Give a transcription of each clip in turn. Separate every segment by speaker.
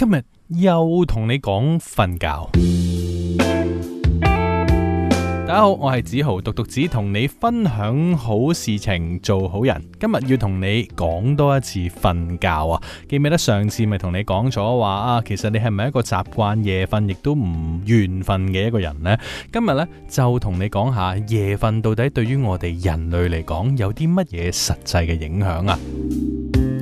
Speaker 1: 今日又同你講瞓覺，大家好，我係子豪，獨讀子同你分享好事情，做好人。今日要同你講多一次瞓覺啊！記唔記得上次咪同你講咗話啊？其實你係咪一個習慣夜瞓，亦都唔願瞓嘅一個人呢？今日呢，就同你講下夜瞓到底對於我哋人類嚟講有啲乜嘢實際嘅影響啊！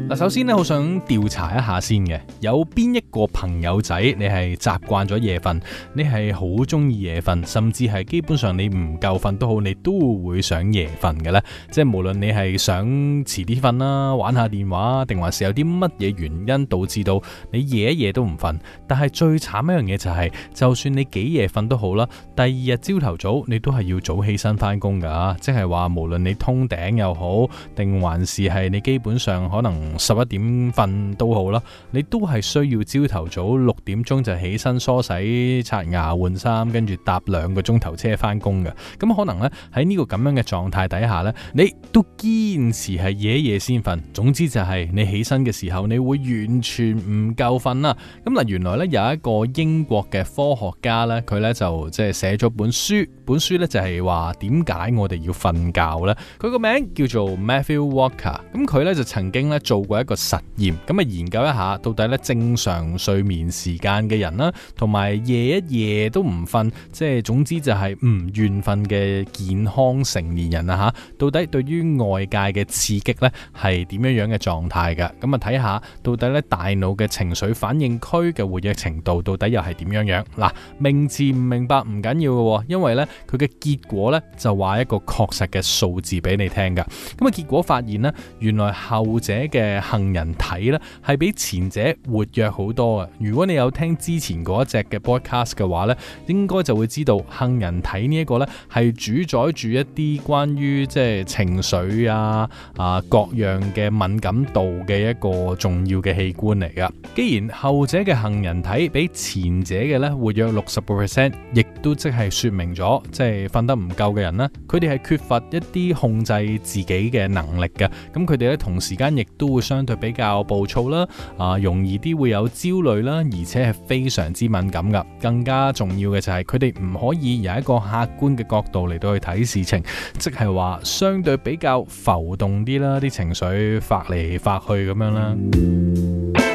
Speaker 1: 嗱，首先咧，我好想調查一下先嘅，有邊一個朋友仔你係習慣咗夜瞓，你係好中意夜瞓，甚至係基本上你唔夠瞓都好，你都會想夜瞓嘅呢？即係無論你係想遲啲瞓啦，玩下電話，定還是有啲乜嘢原因導致到你夜一夜都唔瞓。但係最慘一樣嘢就係，就算你幾夜瞓都好啦，第二日朝頭早你都係要早起身返工㗎，即係話無論你通頂又好，定還是係你基本上可能。十一點瞓都好啦，你都係需要朝頭早六點鐘就起身梳洗、刷牙、換衫，跟住搭兩個鐘頭車翻工嘅。咁可能咧喺呢個咁樣嘅狀態底下咧，你都堅持係夜夜先瞓。總之就係你起身嘅時候，你會完全唔夠瞓啦。咁、嗯、嗱，原來咧有一個英國嘅科學家咧，佢咧就即係寫咗本書，本書咧就係話點解我哋要瞓覺咧？佢個名叫做 Matthew Walker、嗯。咁佢咧就曾經咧做。過一個實驗，咁啊研究一下，到底咧正常睡眠時間嘅人啦、啊，同埋夜一夜都唔瞓，即係總之就係唔願瞓嘅健康成年人啊吓，到底對於外界嘅刺激咧係點樣樣嘅狀態噶？咁啊睇下到底呢，大腦嘅情緒反應區嘅活躍程度到底又係點樣樣？嗱，明字唔明白唔緊要嘅，因為呢，佢嘅結果呢，就話一個確實嘅數字俾你聽噶。咁啊結果發現呢，原來後者嘅。杏仁體咧係比前者活躍好多啊。如果你有聽之前嗰隻嘅 broadcast 嘅話呢，應該就會知道杏仁體呢一個呢，係主宰住一啲關於即係情緒啊啊各樣嘅敏感度嘅一個重要嘅器官嚟噶。既然後者嘅杏仁體比前者嘅呢活躍六十個 percent，亦都即係說明咗即係瞓得唔夠嘅人呢，佢哋係缺乏一啲控制自己嘅能力嘅。咁佢哋咧同時間亦都會。相對比較暴躁啦，啊，容易啲會有焦慮啦，而且係非常之敏感噶。更加重要嘅就係佢哋唔可以由一個客觀嘅角度嚟到去睇事情，即係話相對比較浮動啲啦，啲情緒發嚟發去咁樣啦。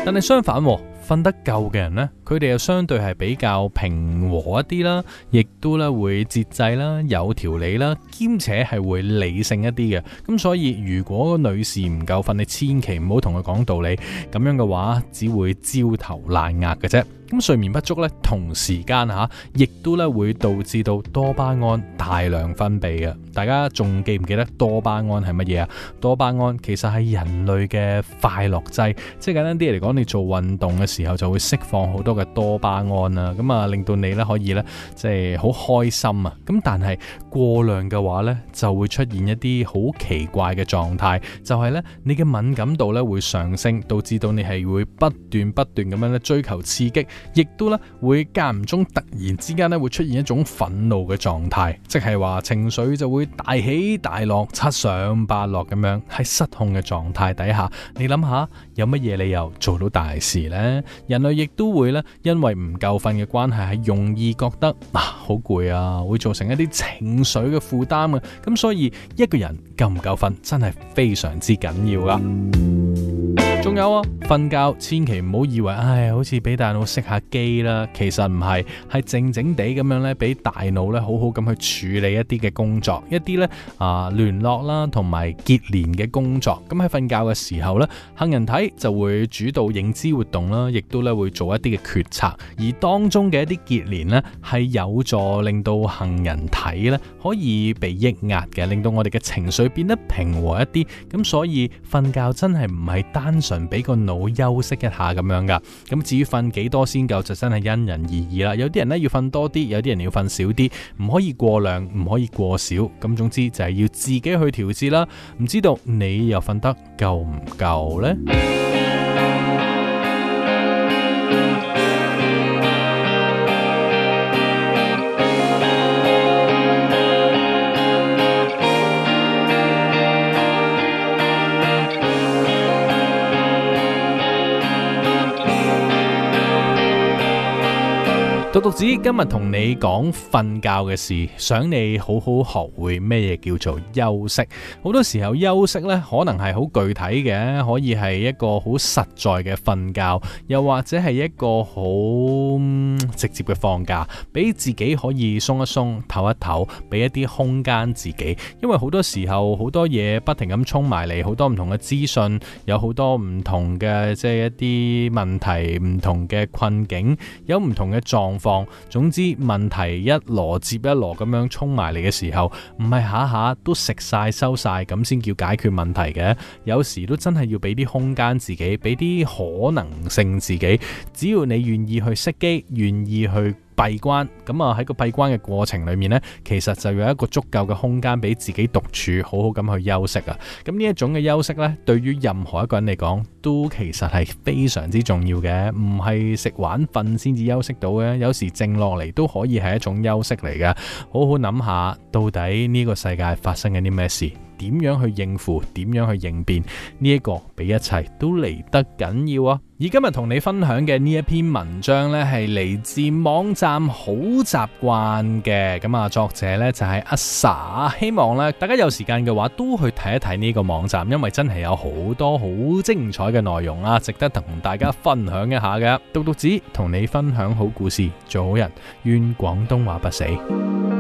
Speaker 1: 但係相反喎，啊。瞓得夠嘅人呢，佢哋又相對係比較平和一啲啦，亦都咧會節制啦、有條理啦，兼且係會理性一啲嘅。咁所以，如果個女士唔夠瞓，你千祈唔好同佢講道理，咁樣嘅話，只會焦頭爛額嘅啫。咁睡眠不足咧，同時間吓，亦、啊、都咧會導致到多巴胺大量分泌嘅。大家仲記唔記得多巴胺係乜嘢啊？多巴胺其實係人類嘅快樂劑，即係簡單啲嚟講，你做運動嘅時候就會釋放好多嘅多巴胺啊，咁啊令到你咧可以咧即係好開心啊。咁但係過量嘅話咧，就會出現一啲好奇怪嘅狀態，就係、是、咧你嘅敏感度咧會上升，導致到你係會不斷不斷咁樣咧追求刺激。亦都咧會間唔中突然之間咧會出現一種憤怒嘅狀態，即係話情緒就會大起大落、七上八落咁樣，喺失控嘅狀態底下，你諗下有乜嘢理由做到大事呢？人類亦都會咧因為唔夠瞓嘅關係，係容易覺得啊好攰啊，會造成一啲情緒嘅負擔啊。咁所以一個人夠唔夠瞓真係非常之緊要㗎！仲有啊，瞓覺千祈唔好以為，唉，好似俾大腦熄下機啦，其實唔係，係靜靜地咁樣咧，俾大腦咧好好咁去處理一啲嘅工作，一啲咧啊聯絡啦，同埋結連嘅工作。咁喺瞓覺嘅時候咧，杏仁體就會主導認知活動啦，亦都咧會做一啲嘅決策，而當中嘅一啲結連咧係有助令到杏仁體咧可以被抑壓嘅，令到我哋嘅情緒變得平和一啲。咁所以瞓覺真係唔係單純。俾個腦休息一下咁樣噶，咁至於瞓幾多先夠就真係因人而異啦。有啲人呢要瞓多啲，有啲人要瞓少啲，唔可以過量，唔可以過少。咁總之就係要自己去調節啦。唔知道你又瞓得夠唔夠呢？獨讀子今日同你講瞓覺嘅事，想你好好學會咩嘢叫做休息。好多時候休息咧，可能係好具體嘅，可以係一個好實在嘅瞓覺，又或者係一個好直接嘅放假，俾自己可以鬆一鬆、唞一唞，俾一啲空間自己。因為好多時候好多嘢不停咁衝埋嚟，好多唔同嘅資訊，有好多唔同嘅即係一啲問題、唔同嘅困境，有唔同嘅狀況。放，總之問題一籮接一籮咁樣衝埋嚟嘅時候，唔係下下都食晒收晒，咁先叫解決問題嘅。有時都真係要俾啲空間自己，俾啲可能性自己。只要你願意去熄機，願意去。閉關咁啊，喺個閉關嘅過程裏面呢，其實就有一個足夠嘅空間俾自己獨處，好好咁去休息啊。咁呢一種嘅休息呢，對於任何一個人嚟講，都其實係非常之重要嘅，唔係食玩瞓，先至休息到嘅。有時靜落嚟，都可以係一種休息嚟㗎，好好諗下到底呢個世界發生緊啲咩事。點樣去應付？點樣去應變？呢、這、一個比一切都嚟得緊要啊！而今日同你分享嘅呢一篇文章呢，係嚟自網站好習慣嘅。咁啊，作者呢就係、是、阿 Sa。希望呢大家有時間嘅話都去睇一睇呢個網站，因為真係有好多好精彩嘅內容啊，值得同大家分享一下嘅。獨讀子同你分享好故事，做好人，願廣東話不死。